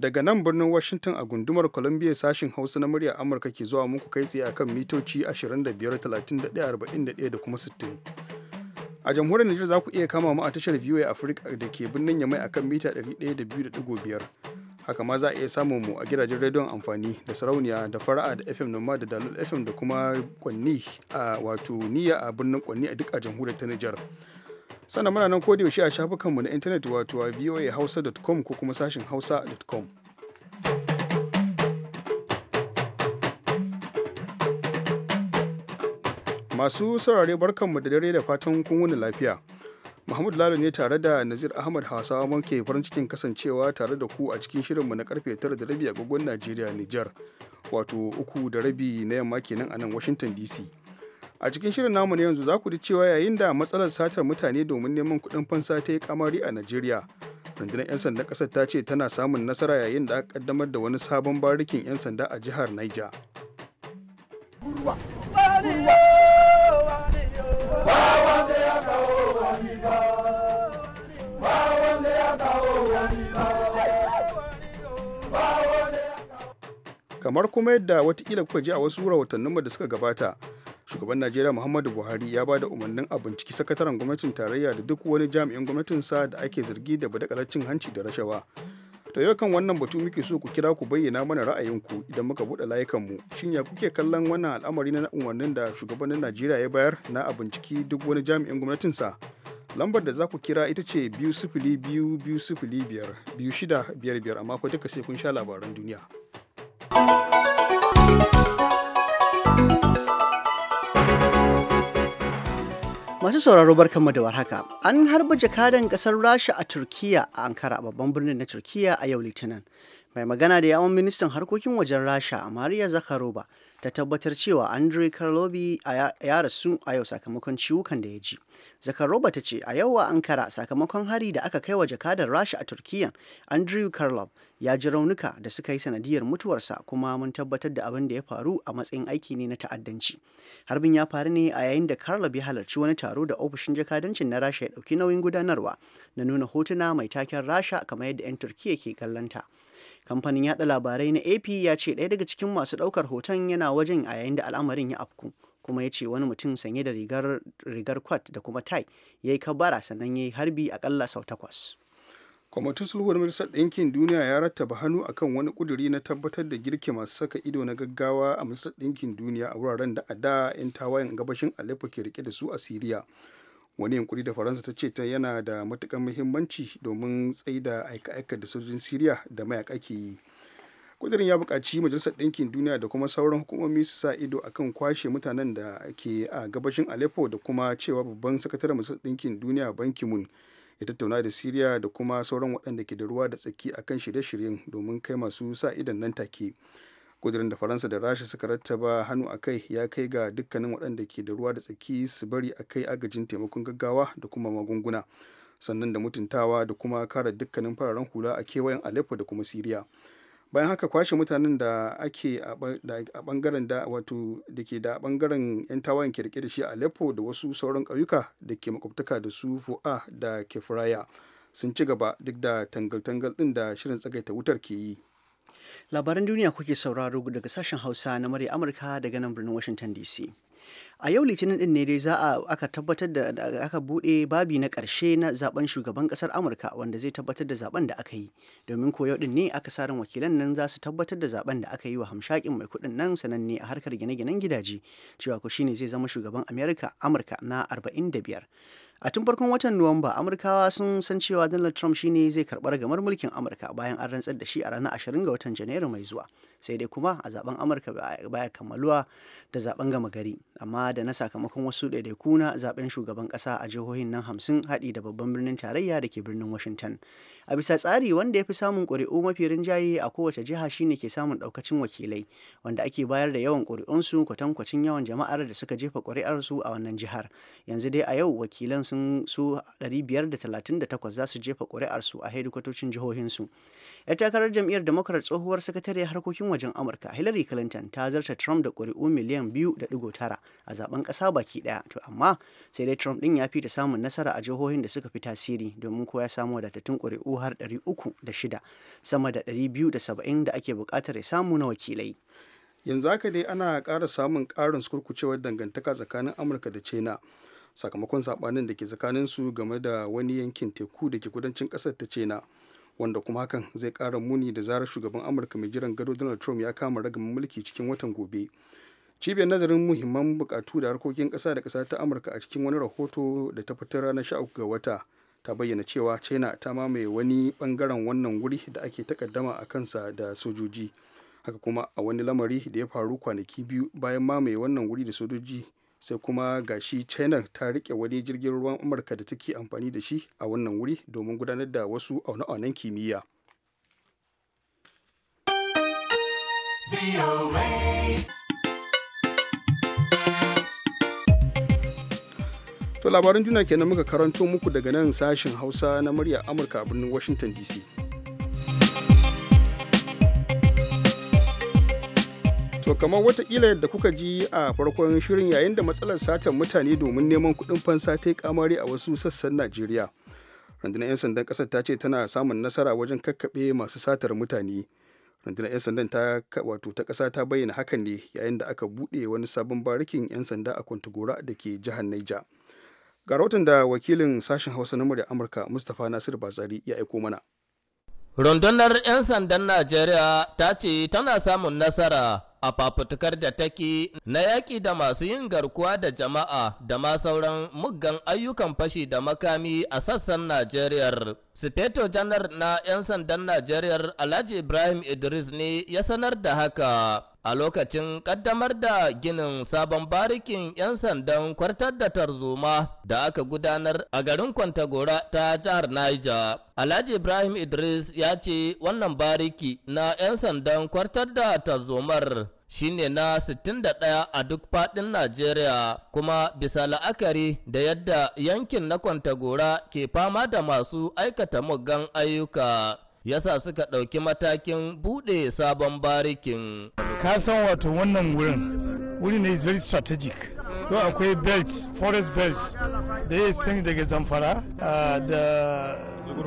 daga nan birnin washington a gundumar columbia sashin hausa na murya amurka ke zuwa muku kai tsaye akan mitoci 25 31 da kuma 60 a jamhuriyar nijar za ku iya kama mu a tashar viewer africa da ke birnin yamai akan mita 102.5 haka ma za a iya samun mu a gidajen rediyon amfani da sarauniya da fara'a da fm noma da dalil fm da kuma kwanni a wato niyya a birnin kwanni a duk a jamhuriyar ta nijar sannan muna nan yaushe a shafukanmu na intanet wato a voahausa.com ko kuma sashin hausa.com masu saurare barkanmu da dare da fatan kun wuni lafiya Muhammadu Lalo ne tare da Nazir Ahmad Hausawa ke farin cikin kasancewa tare da ku a cikin shirinmu na karfe 9 da rabi agogon Najeriya Nijar wato uku da rabi na yamma kenan a nan Washington DC a cikin shirin namu na yanzu za ku ji cewa yayin da matsalar satar mutane domin neman kuɗin fansa ta yi kamari a najeriya rundunar 'yan sanda ƙasar ta ce tana samun nasara yayin da aka kaddamar da wani sabon barikin 'yan sanda a jihar niger kamar kuma yadda watakila kuka ji a wasu rahotanninmu da suka gabata shugaban najeriya muhammadu buhari ya ba da umarnin a binciki sakataren gwamnatin tarayya da duk wani jami'in gwamnatinsa da ake zargi da badakalar cin hanci da rashawa to yau kan wannan batu muke so ku kira ku bayyana mana ra'ayinku idan muka buɗe layukanmu shin ya kuke kallon wannan al'amari na umarnin da shugabannin najeriya ya bayar na a binciki duk wani jami'in gwamnatinsa lambar da za ku kira ita ce biyu sifili biyu biyu sifili biyar biyu shida biyar biyar amma fa duka sai kun sha labaran duniya. Masu sauraro barkanmu da warhaka. An harba jakadan kasar Rasha a Turkiya a Ankara babban birnin na Turkiya a yau Litinin. mai magana da yawon ministan harkokin wajen rasha maria zakharova ta tabbatar cewa andrei karlobi ya rasu a yau sakamakon ciwukan da ya ji zakharova ta ce a yau a ankara sakamakon hari da aka kai wa jakadar rasha a turkiyya andrew karlob ya ji raunuka da suka yi sanadiyar mutuwarsa kuma mun tabbatar da abin da ya faru a matsayin aiki ne na ta'addanci harbin ya faru ne a yayin da karlob ya halarci wani taro da ofishin jakadancin na rasha ya dauki nauyin gudanarwa na nuna hotuna mai taken rasha kamar yadda 'yan turkiyya ke kallanta. kamfanin yada labarai na ap ya ce ɗaya daga cikin masu ɗaukar hoton yana wajen a yayin da al'amarin ya afku kuma ya ce wani mutum sanye da rigar, rigar kwat da kuma tai ya yi kabara sannan ya yi harbi akalla sau takwas kwamitin sulhuwar majalisar ɗinkin duniya ya rattaba hannu akan wani ƙuduri na tabbatar da girki masu saka ido na gaggawa a majalisar ɗinkin duniya a wuraren da a da 'yan tawayen gabashin aleppo ke rike da su a siriya wani yankuri da faransa ta ce ta yana da matukan muhimmanci domin tsaida aika-aika da sojin siriya da mayaka ke yi kudirin ya buƙaci majalisar ɗinkin duniya da kuma sauran hukumomi su sa ido akan kwashe mutanen da ke a gabashin aleppo da kuma cewa babban sakataren majalisar ɗinkin duniya banki mun ya tattauna da siriya da kuma sauran waɗanda ke da ruwa da tsaki akan shirye-shiryen domin kai masu sa idon nan take kudirin da faransa da rasha suka rattaba hannu a kai ya kai ga dukkanin waɗanda ke da ruwa da tsaki su bari a kai agajin taimakon gaggawa da kuma magunguna sannan da mutuntawa da kuma kara dukkanin fararen hula a kewayen aleppo da kuma siriya bayan haka kwashe mutanen da ake a bangaren da wato da ke da bangaren yan tawayen ke rike da shi a aleppo da wasu sauran ƙauyuka da ke makwabtaka da su fu'a da kefraya sun ci gaba duk da tangal-tangal ɗin da shirin tsagaita wutar ke yi Labaran duniya kuke sauraro daga sashen Hausa na murya Amurka daga nan birnin Washington DC. a yau litinin din ne dai za a aka tabbatar da aka bude babi na karshe na zaben shugaban kasar amurka wanda zai tabbatar da zaben da aka yi domin koyo din ne aka sarin wakilan nan za su tabbatar da zaben da aka yi wa hamshakin mai kudin nan sananne a harkar gine-ginen gidaje cewa ko shine zai zama shugaban amurka na 45 a tun farkon watan nuwamba amurkawa sun san cewa donald trump shine zai karɓar gamar mulkin amurka bayan an rantsar da shi a ranar 20 ga watan janairu mai zuwa sai dai kuma a zaben amurka baya kammaluwa da zaben gama gari amma da na sakamakon wasu ɗaiɗaiku na zaben shugaban kasa a jihohin nan hamsin haɗi da babban birnin tarayya da ke birnin washington a bisa tsari wanda ya fi samun ƙuri'u mafi rinjaye a kowace jiha shine ke samun ɗaukacin wakilai wanda ake bayar da yawan ƙuri'unsu kwatankwacin yawan jama'ar da suka jefa ƙuri'arsu a wannan jihar yanzu dai a yau wakilan sun su 538 za su jefa ƙuri'arsu a hedikwatocin jihohinsu 'yan takarar jam'iyyar democrat tsohuwar sakatare harkokin wajen amurka hillary clinton ta zarta trump da ƙuri'u miliyan biyu da digo tara a zaben ƙasa baki ɗaya to amma sai dai trump ɗin ya fi ta samun nasara a jihohin da suka fi tasiri domin ko ya samu wadatattun ƙuri'u har ɗari uku da shida sama da ɗari biyu da saba'in da ake buƙatar ya samu na wakilai yanzu haka dai ana ƙara samun ƙarin kurkucewar dangantaka tsakanin amurka da china sakamakon saɓanin da ke tsakanin su game da wani yankin teku da ke kudancin ƙasar ta china wanda kuma hakan zai kara muni da zarar shugaban amurka mai jiran gado donald trump ya kama ragin mulki cikin watan gobe cibiyar nazarin muhimman bukatu da harkokin ƙasa da ƙasa ta amurka a cikin wani rahoto da ta fitar ranar sha ga wata ta bayyana cewa china ta mamaye wani bangaren wannan wuri da ake takaddama a kansa da sojoji haka kuma a wani lamari da ya faru kwanaki biyu bayan mamaye wannan wuri da sojoji sai kuma ga shi china ta rike wani jirgin ruwan amurka da take amfani da shi a wannan wuri domin gudanar da wasu aune-aunen kimiyya To labarin juna kenan muka karanto muku daga nan sashen Hausa na murya Amurka a birnin Washington DC. To kamar watakila yadda kuka ji a farkon shirin yayin da matsalar satar mutane domin neman kuɗin fansa ta kamari a wasu sassan Najeriya. Rundunar 'yan sandan ƙasar ta ce tana samun nasara wajen kakkaɓe masu satar mutane. Rundunar 'yan sandan ta wato ta ƙasa ta bayyana hakan ne yayin da aka buɗe wani sabon barikin 'yan sanda a Kwantagora da ke jihar Naija. Ga rahoton da wakilin sashen Hausa na murya Amurka Mustapha Nasir Batsari ya aiko mana. Rundunar 'yan sandan Najeriya ta ce tana samun nasara a fafutukar da take na yaƙi da masu yin garkuwa da jama'a da ma sauran muggan ayyukan fashi da makami a sassan Najeriya. Sufeto janar na 'yan sandan Najeriya Alhaji Ibrahim Idris ne ya sanar da haka. a lokacin ƙaddamar da ginin sabon barikin 'yan sandan kwartar da tarzoma da aka gudanar a garin Kwantagora ta jihar Niger. Alhaji Ibrahim Idris ya ce wannan bariki na 'yan sandan kwartar da tarzomar Shi ne na 61 a duk faɗin Najeriya kuma bisa la'akari da yadda yankin na Kwantagora ke fama da masu aikata muggan ayyuka yasa suka ɗauki matakin buɗe sabon barikin. Ka san wato wannan wurin, wuri ne is very strategic. to akwai belt, forest belt, da ya san daga zamfara da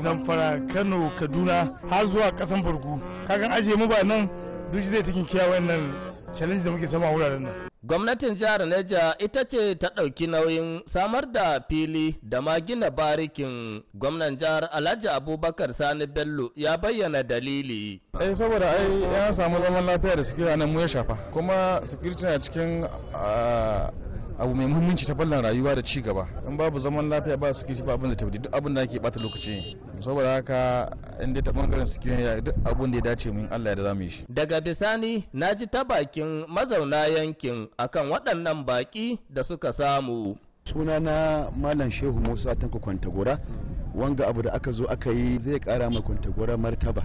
zamfara Kano, Kaduna har zuwa ƙasan ka Kagan ajiye mu ba nan duk zai takin kiyawa wannan challenge da muke sama wuraren nan. Gwamnatin jihar Neja ita ce ta ɗauki nauyin samar da fili da ma gina barikin gwamnan jihar Alhaji Abubakar Sani Bello ya bayyana dalili. Eh saboda ai ya samu zaman lafiya da suke nan mu ya shafa kuma security na cikin ah, abu mai muhimmanci ta ballan rayuwa da ci gaba in babu zaman lafiya ba su kishi ba abin da tafi duk abin da ake bata lokaci saboda haka in dai ta bangaren su kiyaye duk abin da ya dace mun Allah ya da zamu yi shi daga bisani na ji ta bakin mazauna yankin akan waɗannan baki da suka samu Suna na malam shehu musa tanko kwantagora wanga abu da aka zo aka yi zai kara ma kwantagora martaba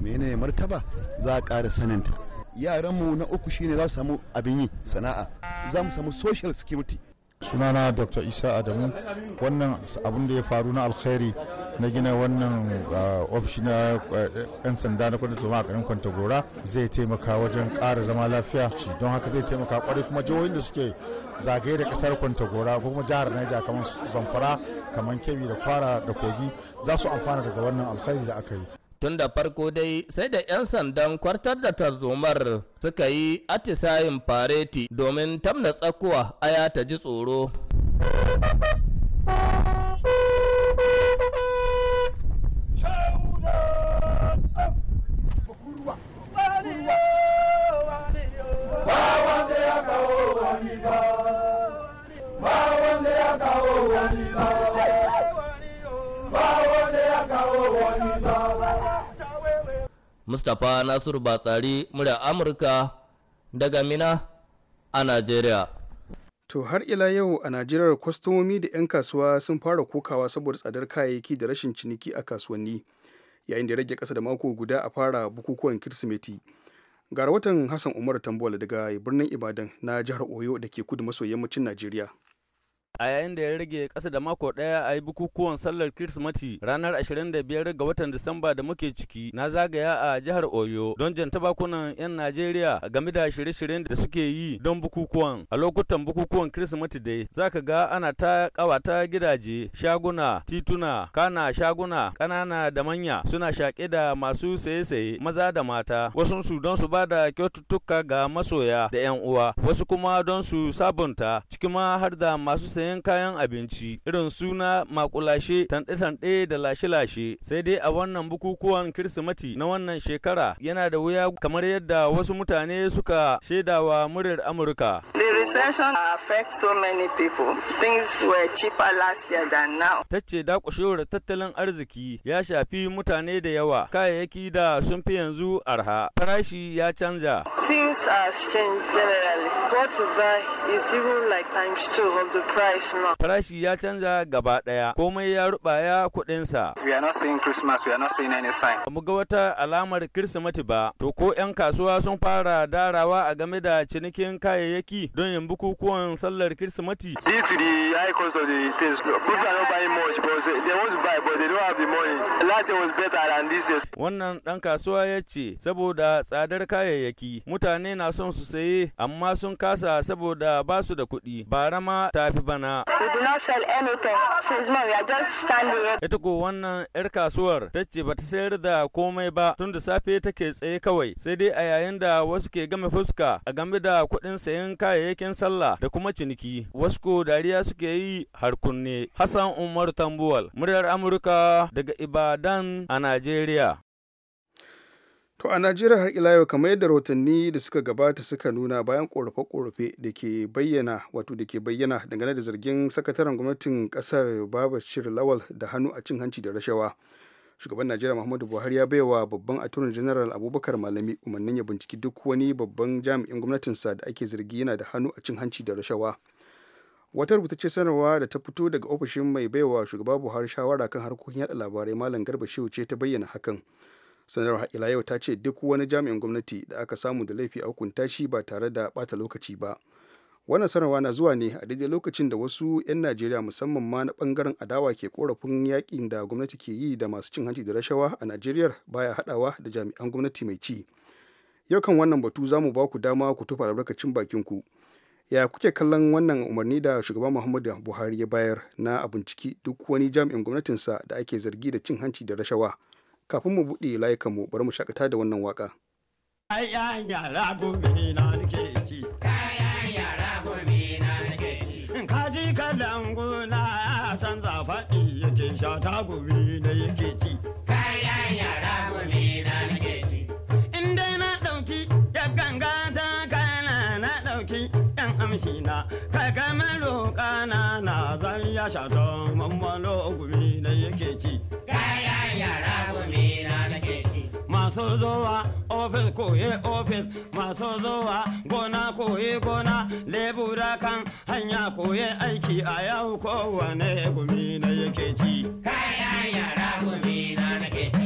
menene martaba za a kara sananta yaranmu na uku shine za su samu abin yi sana'a za mu samu social security sunana dr isa adamu wannan abin da ya faru na alkhairi na gina wannan ah, ofishi na eh, yan sanda na kudin zama a karin kwantagora zai taimaka wajen kara zama lafiya don haka zai taimaka kwarai kuma jihohin da suke zagaye da ƙasar kwantagora ko kuma jihar naija kamar zamfara kamar kebbi da kwara da kogi za su amfana daga wannan alkhairi da aka yi tun da farko dai sai da 'yan sandan kwartar da tarzomar suka yi atisayin fareti domin tamna tsakuwa aya ta ji tsoro Ba wanda ya kawo wani ba. mustapha nasiru batsari murya amurka daga mina a najeriya to har ila yau a najeriya kwastomomi da 'yan kasuwa sun fara kokawa saboda tsadar kayayyaki da rashin ciniki a kasuwanni yayin da rage kasa da mako guda a fara bukukuwan kirsimeti Gara watan hassan umar tambola daga birnin ibadan na jihar oyo da ke kudu maso yammacin najeriya a yayin da ya rage ƙasa da mako ɗaya a yi bukukuwan sallar kirsimati ranar 25 ga watan disamba da muke ciki na zagaya a jihar oyo don jan tabakunan 'yan najeriya game da shirye-shiryen da suke yi don bukukuwan a lokutan bukukuwan kirsimati dai Za ka ga ana ta ƙawata gidaje shaguna tituna kana shaguna ƙanana da manya suna shaƙe da masu saye-saye maza da mata wasu su don su ba da kyaututtuka ga masoya da 'yan uwa wasu kuma don su sabunta ciki ma har da masu saye sayan kayan abinci irin suna makulashe tanɗe-tanɗe da lashe-lashe sai dai a wannan bukukuwan kirsimati na wannan shekara yana da wuya kamar yadda wasu mutane suka shaidawa muryar amurka the recession affect so many people things were cheaper last year than now tace kushewar tattalin arziki ya shafi mutane da yawa kayayyaki da sun fi yanzu arha farashi ya canja things are changed generally what to buy is even like times two of the price Farashi ya canza gaba ɗaya, komai ya rubaya kuɗinsa. We are not seeing Christmas, we are not seeing any sign. Mu ga wata alamar Kirsimeti ba, to ko 'yan kasuwa sun fara darawa a game da cinikin kayayyaki don yin bukukuwan sallar Kirsimeti. Due to the high cost of the things, people are not buying much, but they want to buy, but they don't have the money. Last year was better than this year. Wannan ɗan kasuwa ya ce, saboda tsadar kayayyaki, mutane na son su saye, amma sun kasa saboda ba su da kuɗi. ba rama tafi bana. na We do not sell since we are just standing here. Ita ko wannan 'yar kasuwar ta ce ba ta sayar da komai ba tun da safe take tsaye kawai sai dai a yayin da wasu ke game fuska a game da kuɗin sayan kayayyakin sallah da kuma ciniki wasu ko dariya suke yi harkunne Hassan Umar Tambuwal muryar Amurka daga Ibadan a Najeriya. To a Najeriya har ila yau kamar yadda rahotanni da suka gabata suka nuna bayan korafe-korafe da ke bayyana wato da ke bayyana dangane da zargin sakataren gwamnatin kasar Babashir Lawal da hannu a cin hanci da rashawa. Shugaban Najeriya Muhammadu Buhari ya baiwa babban attorney general Abubakar Malami umarnin ya binciki duk wani babban jami'in gwamnatinsa da ake zargi yana da hannu a cin hanci da rashawa. Wata rubutacce sanarwa da ta fito daga ofishin mai baiwa shugaba Buhari shawara kan harkokin yada labarai Malam Garba Shehu ce ta bayyana hakan. sanarwar ila yau ta ce duk wani jami'in gwamnati da aka samu da laifi a hukunta shi ba tare da bata lokaci ba wannan sanarwa na zuwa ne a daidai lokacin da wasu 'yan najeriya musamman ma na bangaren adawa ke korafin yakin da gwamnati ke yi da masu cin hanci da rashawa a najeriya baya hadawa da jami'an gwamnati mai ci yau kan wannan batu za mu ba ku dama ku tufa albarkacin bakin ku ya kuke kallon wannan umarni da shugaban muhammadu buhari ya bayar na a binciki duk wani jami'in gwamnatinsa da ake zargi da cin hanci da rashawa kafin mu buɗe layukan mu bari mu shakata da wannan waka. Kayan yara gobe na nake ci. Kayan yara na ya canza faɗi yake sha ta na yake ci. Kayan yara na nake ci. In dai na ɗauki ya ganga ta kana na ɗauki 'yan amshi na. Kaga maro kana na zan ya masu zowa ofis koye ofis masu zowa gona koye gona lebura kan hanya koye aiki a yau kowane gumi na yake ci. kaya yara gumi na nake ci.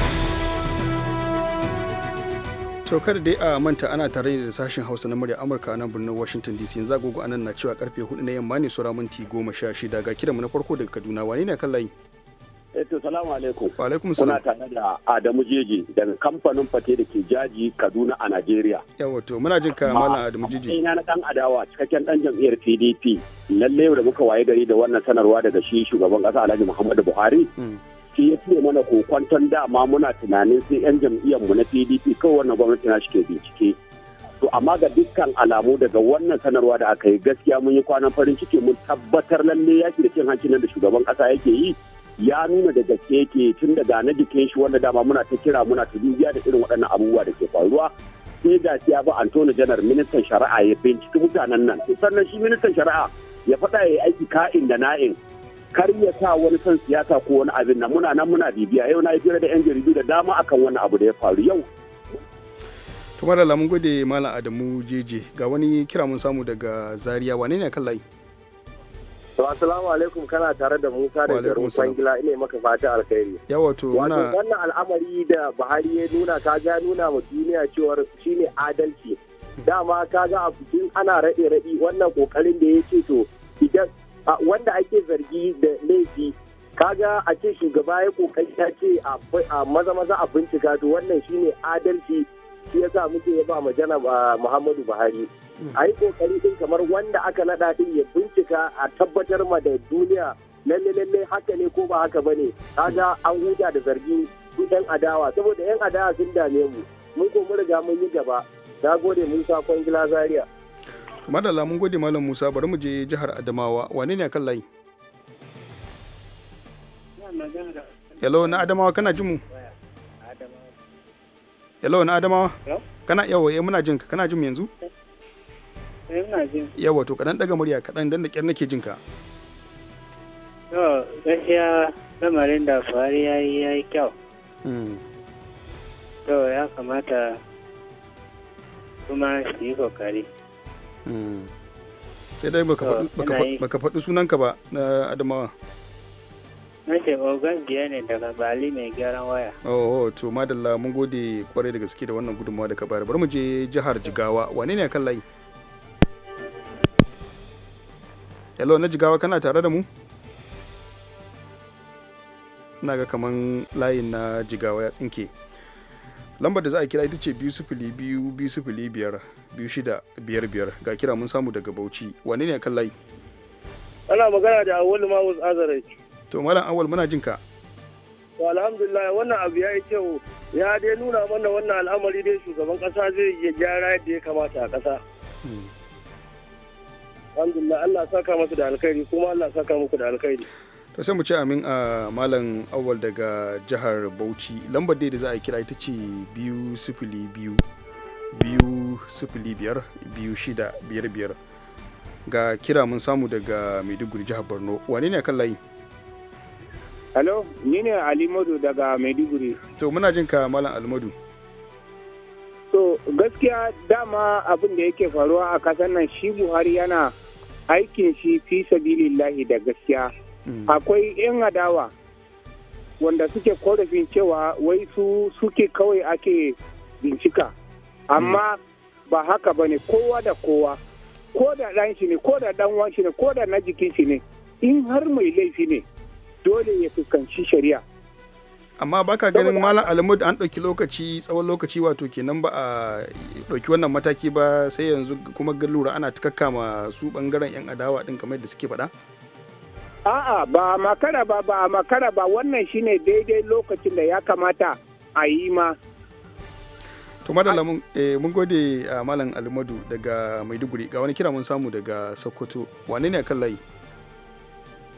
to kada dai a manta ana tare da sashen hausa na murya amurka a nan birnin washington dc yanzu agogo a nan na cewa karfe 4 na yamma ne ramin minti goma sha shida ga kiranmu na farko daga kaduna wani ne kallayi. Eto eh, salamu alaikum. Wa alaikum salam. Kuna tare da Adamu Jeji daga kamfanin fate da ke jaji Kaduna a nigeria Yawa to muna jin ka Malam Adamu Jeji. Ina na dan adawa cikakken dan jam'iyyar PDP. Lalle da muka waye gari da wannan sanarwa daga shi shugaban kasa Alhaji Muhammadu Buhari. Mm. shi ya fiye mana kokwanton dama muna tunanin sai 'yan jam'iyyar mu na pdp kawai wannan gwamnati na shi ke bincike to amma ga dukkan alamu daga wannan sanarwa da aka yi gaskiya mun yi kwanan farin ciki mun tabbatar lalle yaki da cin hanci nan da shugaban kasa yake yi ya nuna da gaske yake tun daga na jikin shi wanda dama muna ta kira muna ta dubiya da irin waɗannan abubuwa da ke faruwa sai ga ya ba antonio janar ministan shari'a ya binciki mutanen nan sannan shi ministan shari'a ya faɗa ya yi aiki ka'in da na'in kar ya sa wani son siyasa ko wani abin na muna nan muna bibiya yau na yi da yan jaridu da dama akan wani abu da ya faru yau tumar da lamun gode malam adamu jeje ga wani kira mun samu daga zaria wane ne kan layi to assalamu alaikum kana tare da musa da garin kwangila ina maka fata alkhairi ya wato wannan al'amari da buhari ya nuna ka ga nuna ma duniya cewar shine adalci dama ka ga a cikin ana raɗe raɗi wannan kokarin da ya ce to idan wanda ake zargi da laifi kaga a ce shugaba ya kokari ya ce a maza maza a bincika to wannan shine adalci shi sa muke ya ba jana Muhammadu Buhari hmm. a yi kokari din kamar wanda aka naɗa din ya bincika a tabbatar ma da duniya lalle lalle haka ne ko ba haka ba ne kaga an huta da zargi su yan adawa saboda yan adawa sun dame mu mun ko mun riga mun yi gaba na gode mun sakon kwangila zaria madalla mun gode malam musa bari mu je jihar adamawa wane ne kan layi hello na adamawa kana jin mu hello na adamawa kana yawo eh muna jinka kana jin yanzu eh, yawa to kadan daga murya kadan dan da kyar nake jinka to gaskiya lamarin da fari ya yi kyau hmm. to ya kamata kuma su yi kokari sai dai baka faɗi sunanka ba na adamawa nake ogan biya ne daga Bali mai gyaran waya. Oh, to madalla mun gode kwarai da gaske da wannan gudunmawa da ka Bari mu je jihar Jigawa. Wane ne kan layi? Hello na Jigawa kana tare da mu? Ina ga kaman layin na Jigawa ya tsinke. lambar da za a kira ita ce biyu sifili biyu biyu sifili biyar biyu shida biyar biyar ga kira mun samu daga bauchi wane ne kan layi ana magana da awal mawuz azare to malam awal muna jin ka to alhamdulillah wannan abu ya yi kyau ya dai nuna mana wannan al'amari dai shugaban kasa zai iya gyara yadda ya kamata a kasa hmm. alhamdulillah Allah saka masu da alkhairi kuma Allah saka muku da alkhairi ta sai mu ci amin a malam awal daga jihar bauchi lambar da za a kira ita ce biyu sifili biyu biyu sifili biyar biyu shida biyar biyar ga kira mun samu daga maiduguri jihar borno wane ne kan layi Hello, ni ne Alimodu daga Maiduguri. To, muna jin ka Malam Alimodu. To, gaskiya dama abin da yake faruwa a kasar nan shi Buhari yana aikin shi fi sabilillahi da gaskiya. Mm. akwai 'yan adawa wanda suke korafin cewa wai su suke kawai ake bincika amma mm. ba haka ba ne kowa da kowa ko da ɗan shi ne ko da ɗan shi ne ko da na jikin shi ne in har mai laifi ne dole ya fuskanci shari'a amma baka ganin malam alamud an ɗauki lokaci tsawon lokaci wato kenan ba a ɗauki wannan mataki ba sai yanzu kuma ga lura ana takakkama su ɓangaren 'yan adawa ɗin kamar da suke faɗa? A'a ba a makara ba ba a makara ba wannan shine daidai lokacin da ya kamata a yi ma. To madalla mun eh, gode a ah, Malam Almadu daga Maiduguri ga wani kira mun samu daga Sokoto wane ne kan layi?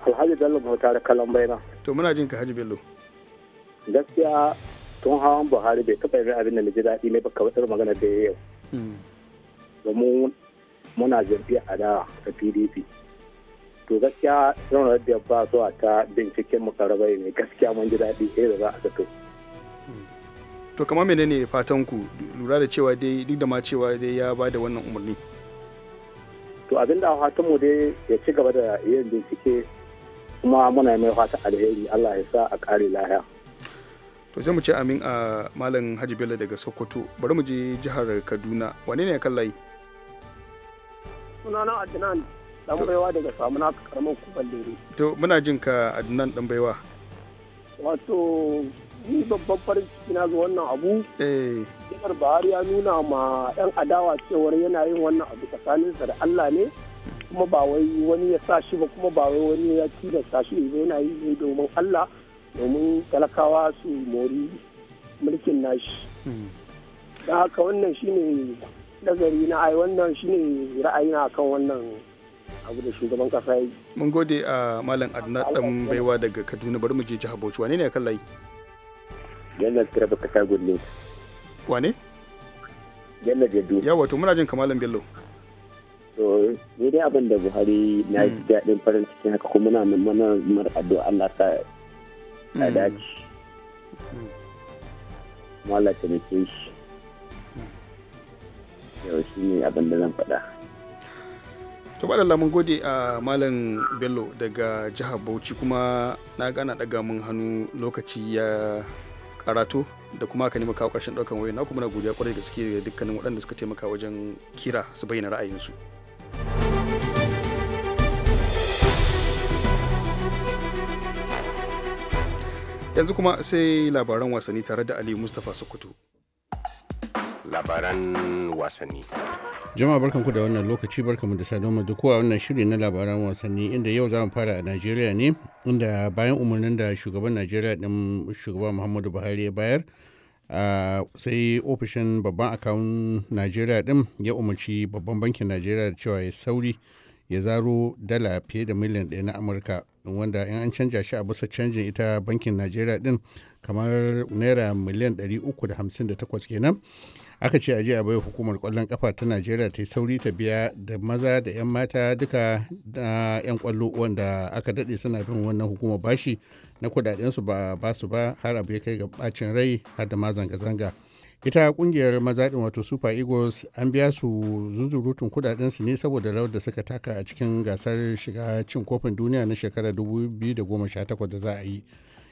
Alhaji Bello Bauta da kallon Baina. To muna jin ka Haji Bello. Gaskiya tun hawan Buhari bai taɓa yin abin da na ji daɗi ne ba ka wasu magana da yau. Hmm. Domin muna a da da PDP. to gaskiya shirin ya ba zuwa ta binciken mukarrabai ne gaskiya mun ji daɗi sai eh, da za a zato hmm. to kamar menene fatan ku lura da cewa dai duk da ma cewa dai ya ba da wannan umarni to abin da fatan mu dai ya ci gaba da yin bincike kuma muna mai fata alheri Allah ya sa a kare lahiya to sai mu ce amin a malam Haji Bello daga Sokoto bari mu je jihar Kaduna wane ne ya kallayi sunana Adnan dan baiwa daga samuna karamar kuban lere to muna jin ka adnan dan baiwa wato ni babban farin ciki na ga wannan abu eh. jihar buhari ya nuna ma yan adawa cewar yana yin wannan abu tsakaninsa da allah ne kuma ba wai wani ya sa shi ba kuma ba wai wani ya sa shi ba yana yi ne domin allah domin talakawa su mori mulkin nashi hmm. da haka wannan shine nazari na ai wannan shine ra'ayi na kan wannan abu da shugaban kasa yi mun gode a ah, malam adnan dan baiwa daga kaduna bari mu je jihar bauchi wane ne kan layi janar tiraba kasa gulle wane janar jaddu yawa to muna jin kamalan bello to ni dai abin da buhari na ji hmm. daɗin farin cikin haka kuma na mana mar addu'a Allah ta a hmm. dace hmm. kuma Allah ta shi yau shi ne abin da zan faɗa to ba mun gode a ah, malam bello daga jihar bauchi kuma na gana daga mun hannu lokaci ya karatu da kuma ka nima kawo ƙarshen ɗaukan wayoyi na kuma na godiya kwarai gaske da dukkanin waɗanda suka taimaka wajen kira su bayyana ra'ayinsu. yanzu kuma sai labaran wasanni tare da ali mustapha sokoto labaran wasanni Jama'a barkanku da wannan lokaci barkanmu da saduwa da kowa wannan shiri na labaran wasanni inda yau za mu fara a Najeriya ne inda bayan umarnin da shugaban Najeriya din shugaba Muhammadu Buhari ya bayar sai ofishin babban akawun Najeriya din ya umarci babban bankin Najeriya da cewa ya sauri ya zaro dala fiye da miliyan ɗaya na Amurka wanda in an canja shi a bisa canjin ita bankin Najeriya din kamar naira miliyan ɗari 358 kenan aka ce aje a bai hukumar kwallon kafa ta najeriya ta yi sauri ta biya da maza da 'yan mata duka da 'yan kwallo wanda aka daɗe suna bin wannan hukumar bashi na kudadensu ba ba su ba har abu ya kai ga bacin rai har da ma zanga-zanga ita kungiyar maza din wato super eagles an biya su zunzurutun kudaden ne saboda rawar da suka taka a cikin gasar shiga cin kofin duniya na shekarar 2018 da za a yi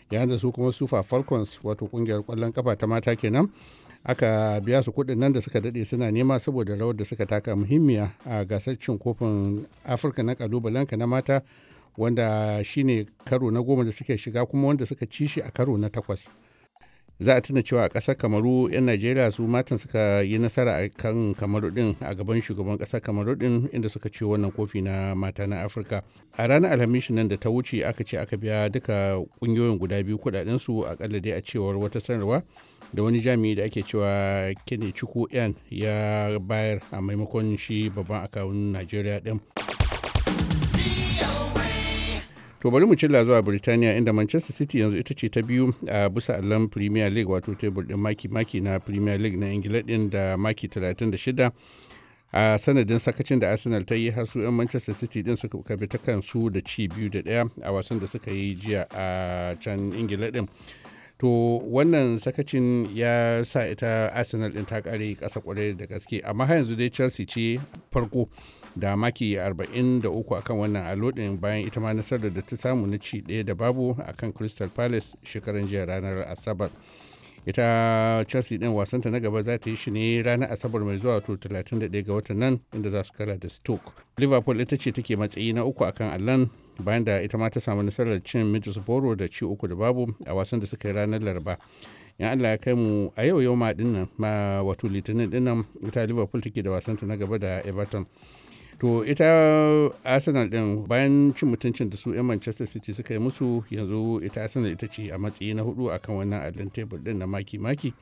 yayin da su kuma super falcons wato kungiyar kwallon kafa ta mata kenan aka biya su kudin nan da suka dade suna nema saboda rawar da suka taka muhimmiya a gasar cin kofin afirka na kalubalenka na mata wanda shine karo na goma da suke shiga kuma wanda suka ci shi a karo na takwas za a tuna cewa a kasar kamaru 'yan najeriya su matan suka yi nasara a kan kamaru din a gaban shugaban kasar kamaru din inda suka ce wannan kofi na mata na afirka a ranar alhamis nan da ta wuce aka ce aka biya duka ƙungiyoyin guda biyu kudaden su akalla dai a cewar wata sanarwa da wani jami'i da ake cewa kene chuku yan ya bayar a maimakon shi babban akawun najeriya din to bari mu cilla zuwa birtaniya inda manchester city yanzu ita ce ta biyu a bisa allon premier league wato tebur din maki-maki na premier league na ingila din da maki 36 a sanadin sakacin da arsenal ta yi har su 'yan manchester city din suka kabe ta kansu da ci biyu da daya a wasan da suka yi jiya a can ingila din to wannan sakacin ya sa ita arsenal din ta kare kasa kwarai da gaske amma har yanzu dai chelsea ce farko da maki 43 akan wannan alodin din bayan ita ma nasarar da ta samu na ci ɗaya da babu akan crystal palace shekaran jiya ranar asabar ita chelsea din wasanta na gaba za ta yi shi ne ranar asabar mai zuwa to 31 ga watan nan inda za su kara da stoke liverpool ita ce take matsayi na uku akan allon bayan da ita ma ta samu nasarar cin middlesbrough da ci uku da babu a wasan da suka yi ranar laraba in allah ya kai mu a yau yau ma dinnan ma wato litinin dinnan ita liverpool take da wasan wasanta na gaba da everton to ita arsenal din bayan cin mutuncin da su 'yan manchester city suka yi musu yanzu ita arsenal ita ce a matsayi na hudu akan wannan allen tebur din na maki-maki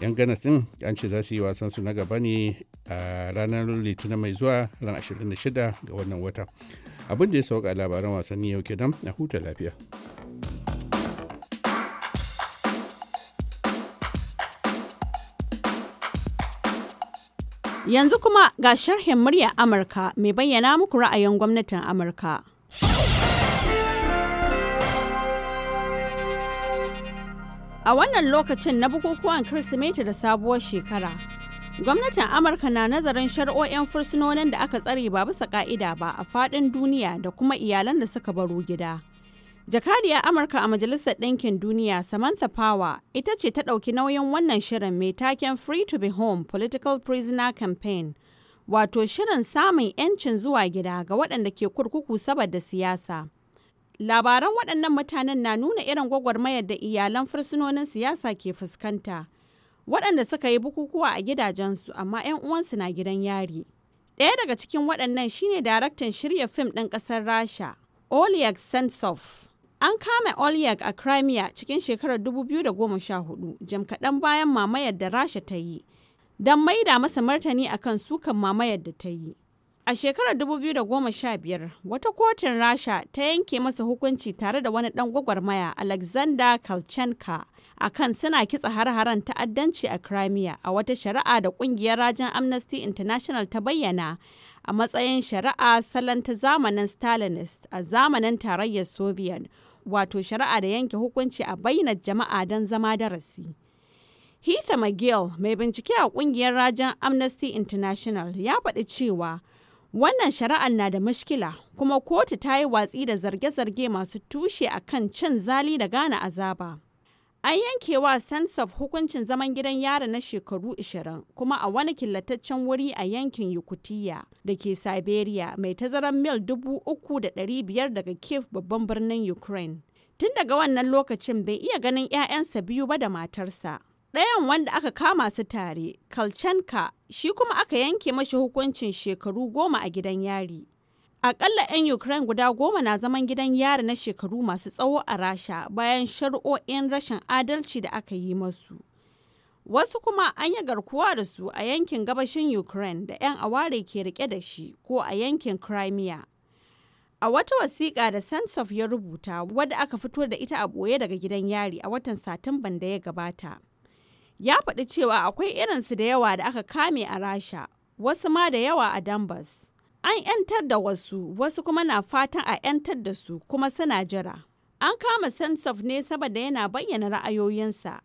yan ganas din an ce za su yi wasan su na gaba ne a ranar litinin mai zuwa ran 26 ga wannan wata abin da ya sauka labaran wasanni yau kenan na huta lafiya Yanzu kuma ga sharhin murya Amurka mai bayyana muku ra'ayin gwamnatin Amurka. A wannan lokacin na bukukuwan Kirsimeti da sabuwar shekara, Gwamnatin Amurka na nazarin shari'o'in fursunonin da aka tsare ba bisa ka'ida ba a faɗin duniya da kuma iyalan da suka baro gida. Jakadiyar Amurka a Majalisar Ɗinkin Duniya Samantha Power ita ce ta ɗauki nauyin wannan shirin mai taken Free to be Home Political Prisoner Campaign. wato shirin samun 'yancin zuwa gida ga waɗanda ke kurkuku saboda siyasa. Labaran waɗannan mutanen na nuna irin gwagwarmayar da iyalan fursunonin siyasa ke fuskanta waɗanda suka yi bukukuwa a gidajensu amma 'yan uwansu na gidan yari. Ɗaya daga cikin waɗannan shine daraktan shirya fim ɗin ƙasar Rasha, Oleg Sentsov. An kama Oleg a Crimea cikin shekarar 2014, jam kaɗan bayan mamayar da Rasha ta yi, don maida masa martani akan sukan mamayar da ta yi. A shekarar 2015, wata kotun Rasha ta yanke masa hukunci tare da wani ɗan gwagwarmaya Alexander Kalchenka akan suna kitsa har-haren ta'addanci a Crimea a wata shari'a da kungiyar rajin Amnesty International ta bayyana a matsayin shari'a salon ta zamanin Stalinist a zamanin tarayyar Soviet, wato shari'a da yanke hukunci a bayyana jama'a don zama darasi. Heather McGill, mai bincike a kungiyar rajin Amnesty International, ya faɗi cewa Wannan shari'ar na da mashkila kuma kotu ta yi watsi da zarge-zarge masu tushe a kan cin zali da gane azaba. An yanke wa Sensof hukuncin zaman gidan yari na shekaru 20 kuma a wani killataccen wuri a yankin Yukutiya da ke Siberia mai tazarar mil 3,500 daga Kiev babban birnin Ukraine. Tun daga wannan lokacin bai iya ganin 'ya'yansa biyu ba da matarsa. Ɗayan wanda aka kama su tare, Kalchenka, shi kuma aka yanke mashi hukuncin shekaru goma a gidan yari. Akalla 'yan Ukraine guda goma na zaman gidan yari na shekaru masu tsawo a Rasha bayan shari'o'in rashin adalci da aka yi masu. Wasu kuma an yi garkuwa da su a yankin gabashin Ukraine da 'yan aware ke rike da shi ko a yankin Crimea. A wata wasiƙa da Sentsov ya rubuta wadda aka fito da ita a ɓoye daga gidan yari a watan Satumban da ya gabata. Ya faɗi cewa akwai irinsu da yawa da aka kame a Rasha, wasu ma da yawa a Donbass. An 'yantar da wasu, wasu kuma na fatan a 'yantar da su kuma suna jira. An kama of ne saboda yana bayyana ra'ayoyinsa.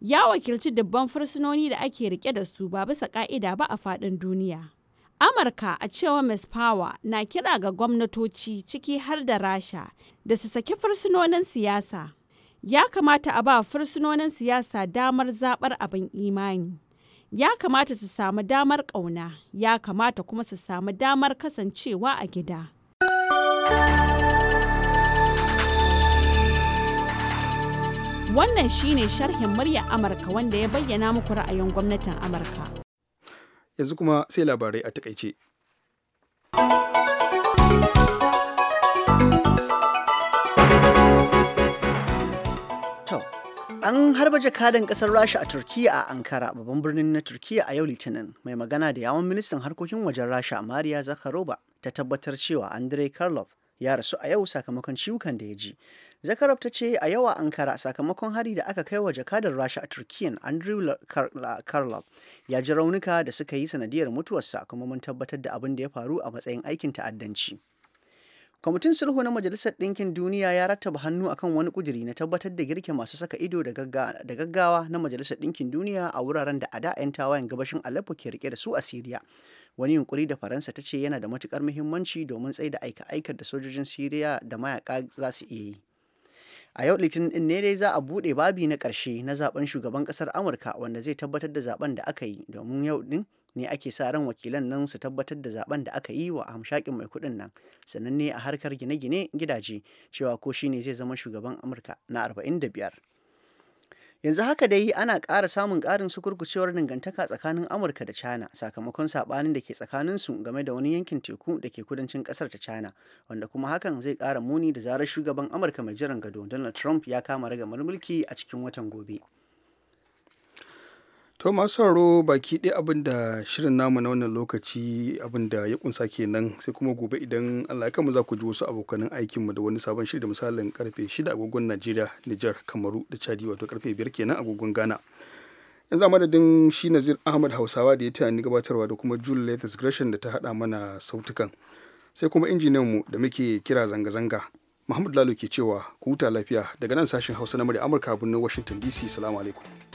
Ya wakilci dubban fursunoni da ake rike da su ba bisa ƙa'ida ba a faɗin duniya. Amurka a cewa Miss Power na kira ga gwamnatoci ciki har da Rasha da su saki fursunonin siyasa. Ya kamata a ba fursunonin siyasa damar zabar abin imani. ya kamata su samu damar ƙauna ya kamata kuma su samu damar kasancewa a gida. Wannan shine sharhin murya Amurka wanda ya bayyana muku ra'ayin gwamnatin Amurka. Yanzu kuma sai labarai a takaice. har jakadan kasar rasha a turkiya a ankara babban birnin na turkiya a yau litinin mai magana da yawon ministan harkokin wajen rasha mariya zakharova ta tabbatar cewa andrei karlov ya rasu a yau sakamakon ciwukan da ya ji zakarov ta ce a yawa ankara sakamakon hari da aka kai wa jakadan rasha a turkiyan andrew karlov ya ji raunuka da suka yi sanadiyar mutuwarsa kuma mun tabbatar da abin da ya faru a matsayin aikin ta'addanci kwamitin sulhu na majalisar ɗinkin duniya ya rattaba hannu akan wani kujeri na tabbatar da girke masu saka ido da gaggawa na majalisar ɗinkin duniya a wuraren da ada 'yan tawayen gabashin aleppo ke rike da su a siriya wani yunkuri da faransa ta ce yana da matukar muhimmanci domin da aika-aikar da sojojin siriya da mayaka za su iya yi a yau litinin din ne dai za a bude babi na karshe na zaben shugaban ƙasar amurka wanda zai tabbatar da zaben da aka yi domin yau din ne ake sa ran wakilan nan su tabbatar da zaben da aka yi wa hamshakin mai kuɗin nan sannan ne a harkar gine-gine gidaje cewa ko shi ne zai zama shugaban amurka na 45 yanzu haka dai ana ƙara samun ƙarin sukurkucewar dangantaka tsakanin amurka da china sakamakon saɓanin da ke tsakaninsu game da wani yankin teku da ke kudancin ƙasar ta china wanda kuma hakan zai ƙara muni da zarar shugaban amurka mai jiran gado donald trump ya kama ragamar mulki a cikin watan gobe to masu sauraro baki ɗaya abin da shirin namu na wannan lokaci abin da ya kunsa kenan sai kuma gobe idan allah ya za ku ji wasu abokanan aikinmu da wani sabon shiri da misalin karfe 6 agogon najeriya nijar kamaru da chadi wato karfe 5 kenan agogon ghana yanzu a madadin shi nazir ahmad hausawa da ya taya ni gabatarwa da kuma Jul latest gresham da ta haɗa mana sautukan sai kuma injiniyanmu da muke kira zanga-zanga muhammadu lalo ke cewa ku huta lafiya daga nan sashen hausa na murya amurka birnin washington dc salamu alaikum